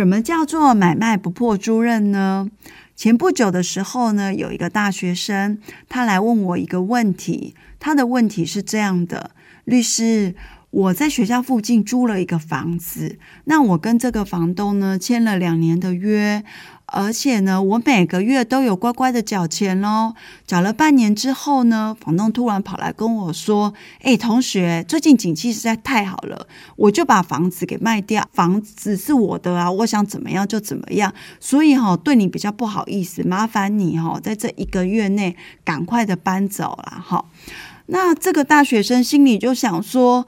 什麼叫做買賣不破租賃呢？前不久的時候呢，有一個大學生，他來問我一個問題，他的問題是這樣的，律師，我在學校附近租了一個房子，那我跟這個房東呢簽了兩年的約，而且呢，我每個月都有乖乖的繳錢咯。繳了半年之後呢，房東突然跑來跟我說：“哎，同學，最近景氣實在太好了，我就把房子給賣掉。房子是我的啊，我想怎麼樣就怎麼樣。所以哈，對你比較不好意思，麻煩你哈，在這一個月內趕快的搬走了哈。那這個大學生心裡就想說。”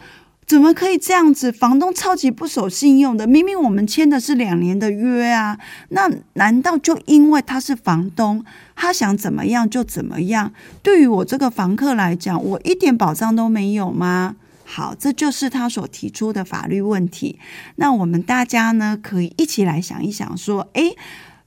怎麼可以這樣子？房東超級不守信用的，明明我們簽的是兩年的約啊，那難道就因為他是房東，他想怎麼樣就怎麼樣？對於我這個房客來講，我一點保障都沒有嗎？好，這就是他所提出的法律問題。那我們大家呢，可以一起來想一想，說，誒，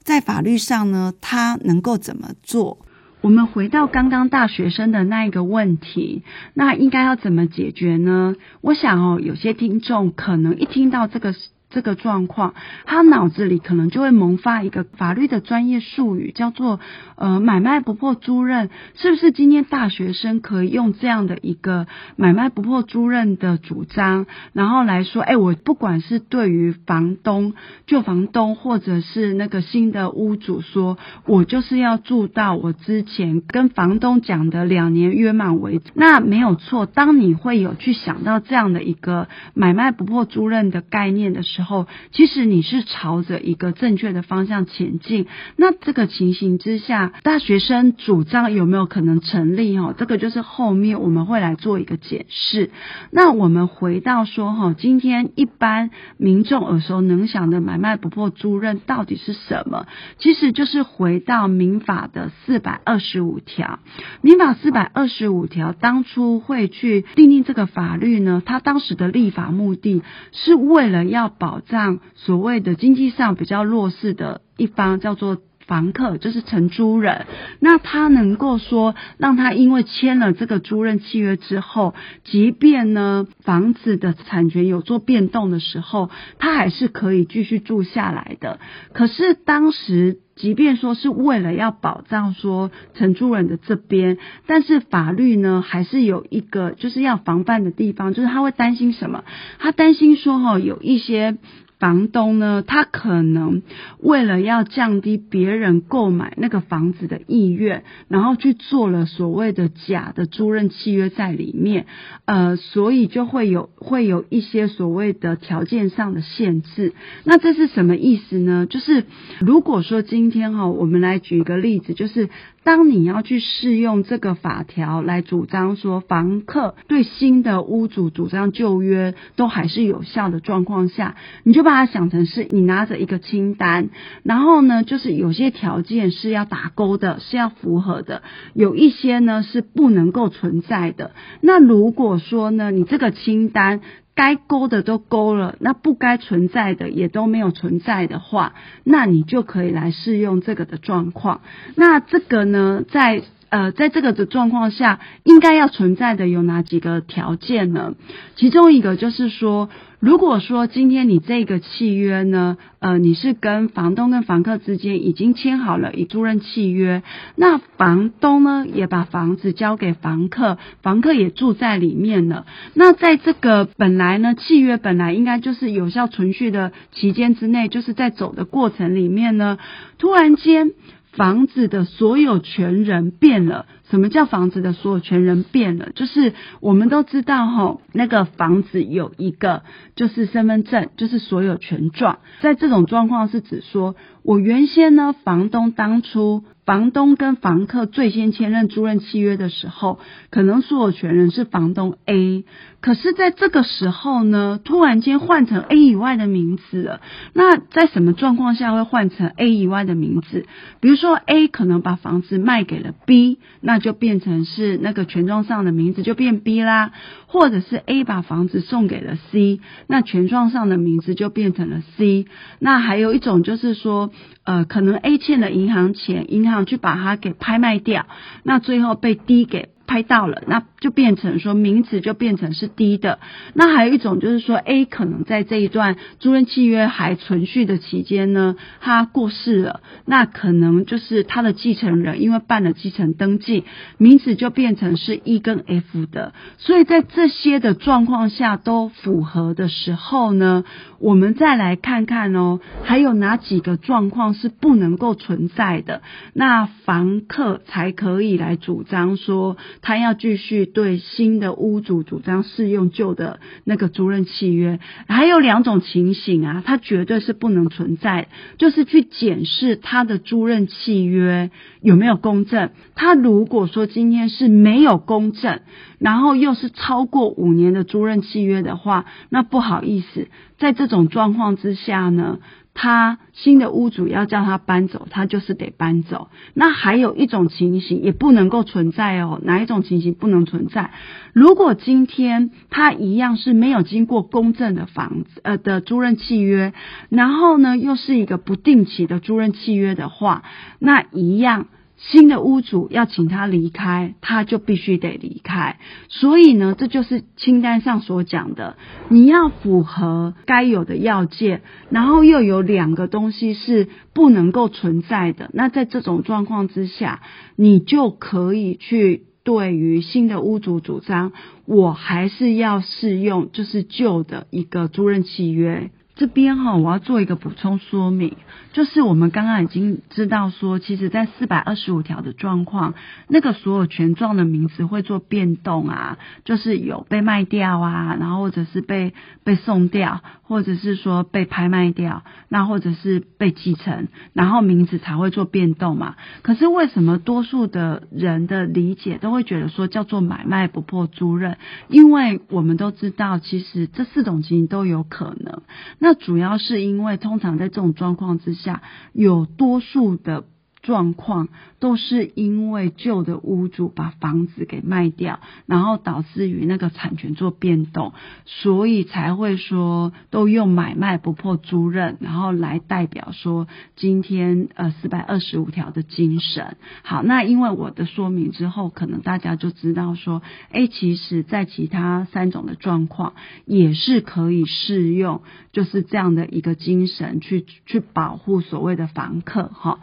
在法律上呢，他能夠怎麼做？我們回到剛剛大學生的那一個問題，那應該要怎麼解決呢？我想哦，有些聽眾可能一聽到這個。這個狀況，他腦子裡可能就會萌發一個法律的專業術語，叫做“呃買賣不破租賃”。是不是今天大學生可以用這樣的一個“買賣不破租賃”的主張，然後來說：“誒，我不管是對於房東舊房東，或者是那個新的屋主說，說我就是要住到我之前跟房東講的兩年約滿為止。”那沒有錯，當你會有去想到這樣的一個“買賣不破租賃”的概念的時候。後其實你是朝着一個正確的方向前進，那這個情形之下，大學生主張有沒有可能成立？哈，這個就是後面我們會來做一個解釋。那我們回到說，哈，今天一般民眾耳熟能詳的買賣不破租賃到底是什麼？其實就是回到民法的四百二十五條。民法四百二十五條當初會去訂定，定這個法律呢，他當時的立法目的是為了要保保障所謂的經濟上比較弱勢的一方，叫做。房客就是承租人，那他能夠說讓他因為簽了這個租賃契約之後，即便呢房子的產權有做變動的時候，他還是可以繼續住下來的。可是當時即便說是為了要保障說承租人的這邊，但是法律呢還是有一個就是要防範的地方，就是他會擔心什麼？他擔心說哈、哦、有一些。房東呢，他可能為了要降低別人購買那個房子的意願，然後去做了所謂的假的租賃契約在裡面，呃，所以就會有會有一些所謂的條件上的限制。那這是什麼意思呢？就是如果說今天哈，我們來舉一個例子，就是。當你要去適用這個法條來主張說，房客對新的屋主主張舊約都還是有效的狀況下，你就把它想成是你拿着一個清單，然後呢，就是有些條件是要打勾的，是要符合的，有一些呢是不能夠存在的。那如果說呢，你這個清單，該勾的都勾了，那不該存在的也都沒有存在的話，那你就可以來適用這個的狀況。那這個呢，在。呃，在這個的狀況下，應該要存在的有哪幾個條件呢？其中一個就是說，如果說今天你這個契約呢，呃，你是跟房東跟房客之間已經簽好了租賃契約，那房東呢也把房子交給房客，房客也住在裡面了。那在這個本來呢，契約本來應該就是有效存續的期間之內，就是在走的過程裡面呢，突然間。房子的所有權人變了。什麼叫房子的所有權人變了？就是我們都知道，哦，哈，那個房子有一個，就是身份証，就是所有權狀。在這種狀況是指說，我原先呢，房東當初房東跟房客最先簽認租賃契約的時候，可能所有權人是房東 A，可是在這個時候呢，突然間換成 A 以外的名字了。那在什麼狀況下會換成 A 以外的名字？比如說 A 可能把房子賣給了 B，那。就變成是那個權狀上的名字就變 B 啦，或者是 A 把房子送給了 C，那權狀上的名字就變成了 C。那還有一種就是說，呃，可能 A 欠了銀行錢，銀行去把它給拍賣掉，那最後被 D 給拍到了。那就變成說名字就變成是 D 的，那還有一種就是說 A、欸、可能在這一段租賃契約還存續的期間呢，他過世了，那可能就是他的繼承人因為辦了繼承登記，名字就變成是 E 跟 F 的。所以在這些的狀況下都符合的時候呢，我們再來看看哦、喔，還有哪幾個狀況是不能夠存在的，那房客才可以來主張說他要繼續。對新的屋主主張適用舊的那個租賃契約。還有兩種情形啊，它絕對是不能存在，就是去檢視他的租賃契約有沒有公證。他如果說今天是沒有公證，然後又是超過五年的租賃契約的話，那不好意思，在這種狀況之下呢。他新的屋主要叫他搬走，他就是得搬走。那還有一種情形也不能夠存在哦，哪一種情形不能存在？如果今天他一樣是沒有經過公證的房子，呃的租賃契約，然後呢又是一個不定期的租賃契約的話，那一樣。新的屋主要請他離開，他就必須得離開。所以呢，這就是清單上所講的，你要符合該有的要件，然後又有兩個東西是不能夠存在的。那在這種狀況之下，你就可以去對於新的屋主主張，我還是要適用就是舊的一個租賃契約。這邊哈、哦，我要做一個補充說明，就是我們剛剛已經知道說，其實，在四百二十五條的狀況，那個所有權狀的名字會做變動啊，就是有被賣掉啊，然後或者是被被送掉，或者是說被拍賣掉，那或者是被繼承，然後名字才會做變動嘛。可是為什麼多數的人的理解都會覺得說叫做買賣不破租賃？因為我們都知道，其實這四種情形都有可能。那主要是因為，通常在這種狀況之下，有多數的。狀況都是因為舊的屋主把房子給賣掉，然後導致於那個產權做變動，所以才會說都用買賣不破租賃，然後來代表說今天呃四百二十五條的精神。好，那因為我的說明之後，可能大家就知道說，哎，其實，在其他三種的狀況也是可以適用，就是這樣的一個精神去去保護所謂的房客齁。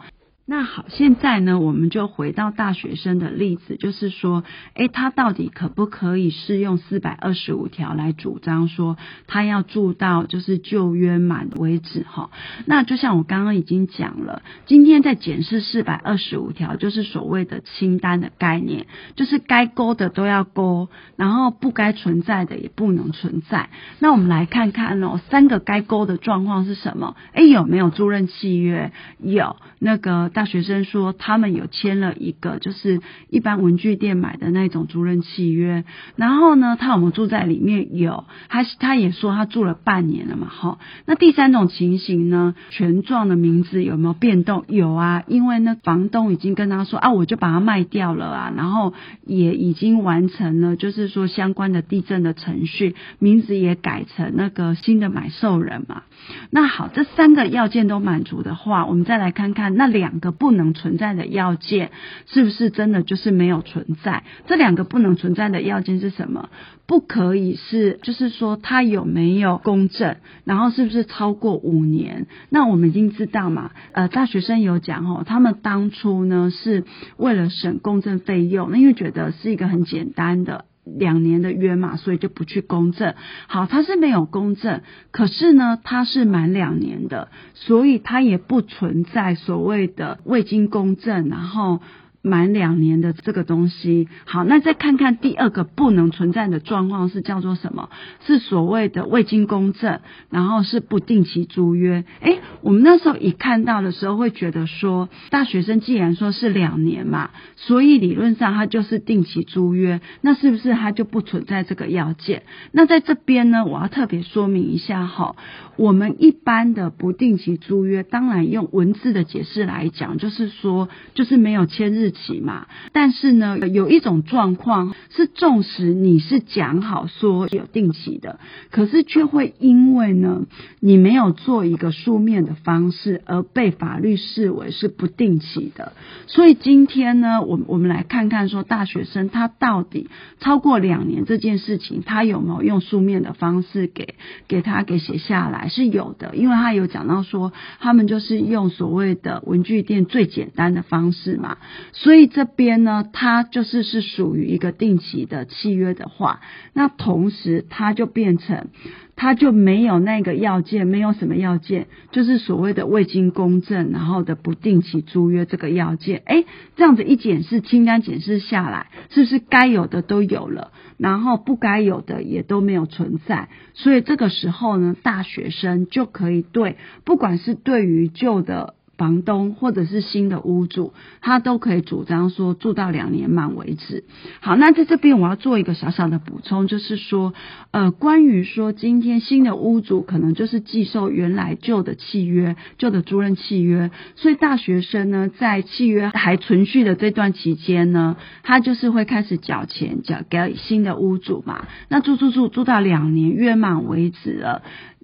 那好，現在呢，我們就回到大學生的例子，就是說，哎，他到底可不可以適用四百二十五條來主張說，他要住到就是就約滿為止哈？那就像我剛剛已經講了，今天在檢視四百二十五條，就是所謂的清單的概念，就是該勾的都要勾，然後不該存在的也不能存在。那我們來看看哦，三個該勾的狀況是什麼？哎，有沒有租賃契約？有那個。大學生說，他們有簽了一個，就是一般文具店買的那種租賃契約。然後呢，他有沒有住在裡面有？他他也說他住了半年了嘛？哈、哦，那第三種情形呢，權狀的名字有沒有變動？有啊，因為呢，房東已經跟他說啊，我就把它賣掉了啊，然後也已經完成了，就是說相關的登記的程序，名字也改成那個新的買受人嘛。那好，這三個要件都滿足的話，我們再來看看那兩個個不能存在的要件是不是真的就是沒有存在？這兩個不能存在的要件是什麼？不可以是，就是說他有沒有公證，然後是不是超過五年？那我們已經知道嘛？呃，大學生有講哦，他們當初呢是為了省公證費用，那因為覺得是一個很簡單的。兩年的約嘛，所以就不去公證。好，它，是沒有公證，可是呢，它是滿兩年的，所以它也不存在所謂的未經公證，然後滿兩年的這個東西，好，那再看看第二個不能存在的狀況是叫做什麼？是所謂的未經公證，然後是不定期租約。誒，我們那時候一看到的時候，會覺得說，大學生既然說是兩年嘛，所以理論上它就是定期租約，那是不是它就不存在這個要件？那在這邊呢，我要特別說明一下哈，我們一般的不定期租約，當然用文字的解釋來講，就是說，就是沒有簽日。期嘛，但是呢，有一種狀況是，縱使你是講好說有定期的，可是卻會因為呢，你沒有做一個書面的方式，而被法律視為是不定期的。所以今天呢，我我們來看看說，大學生他到底超過兩年這件事情，他有沒有用書面的方式給給他給寫下來？是有的，因為他有講到說，他們就是用所謂的文具店最簡單的方式嘛。所以這邊呢，它就是是屬於一個定期的契約的話，那同時它就變成，它就沒有那個要件，沒有什麼要件，就是所謂的未經公證，然後的不定期租約這個要件。哎，這樣子一檢視，清單檢視下來，是不是該有的都有了，然後不該有的也都沒有存在。所以這個時候呢，大學生就可以對，不管是對於舊的。房東或者是新的屋主，他都可以主張說住到兩年滿為止。好，那在這邊我要做一個小小的補充，就是說，呃，關於說今天新的屋主可能就是繼受原來舊的契約、舊的租賃契約，所以大學生呢在契約還存續的這段期間呢，他就是會開始繳錢繳給新的屋主嘛，那住住住住到兩年約滿為止了。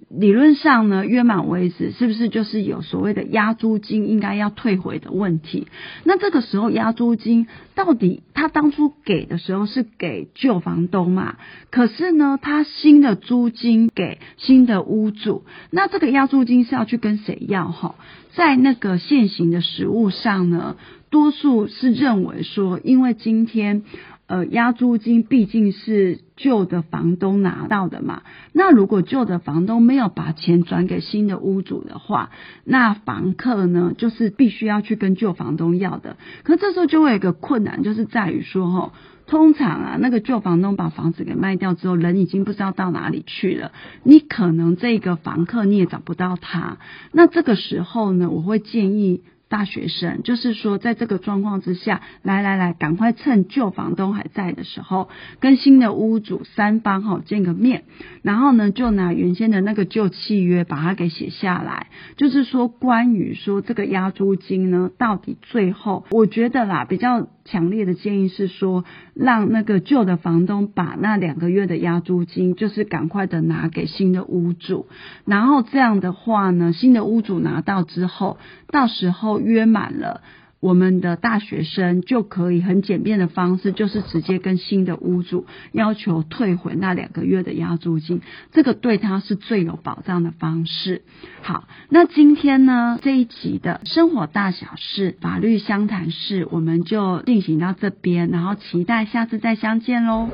理論上呢，約滿為止，是不是就是有所謂的押租金應該要退回的問題？那這個時候押租金到底他當初給的時候是給舊房東嘛？可是呢，他新的租金給新的屋主，那這個押租金是要去跟誰要？哈，在那個現行的實務上呢，多數是認為說，因為今天。呃，押租金畢竟是舊的房東拿到的嘛。那如果舊的房東沒有把錢轉給新的屋主的話，那房客呢，就是必須要去跟舊房東要的。可這時候就會有一個困難，就是在於說哦，通常啊，那個舊房東把房子給賣掉之後，人已經不知道到哪裡去了。你可能這個房客你也找不到他。那這個時候呢，我會建議。大學生就是說，在這個狀況之下，來來來，趕快趁舊房東還在的時候，跟新的屋主三方哈見個面，然後呢，就拿原先的那個舊契約把它給寫下來，就是說關於說這個押租金呢，到底最後我覺得啦，比較強烈的建議是說。讓那個舊的房東把那兩個月的押租金，就是趕快的拿給新的屋主，然後這樣的話呢，新的屋主拿到之後，到時候約滿了，我們的大學生就可以很簡便的方式，就是直接跟新的屋主要求退回那兩個月的押租金，這個對他是最有保障的方式。好，那今天呢，這一集的生活大小事、法律相談事，我們就進行到這邊，然後期待下次再相見嘍。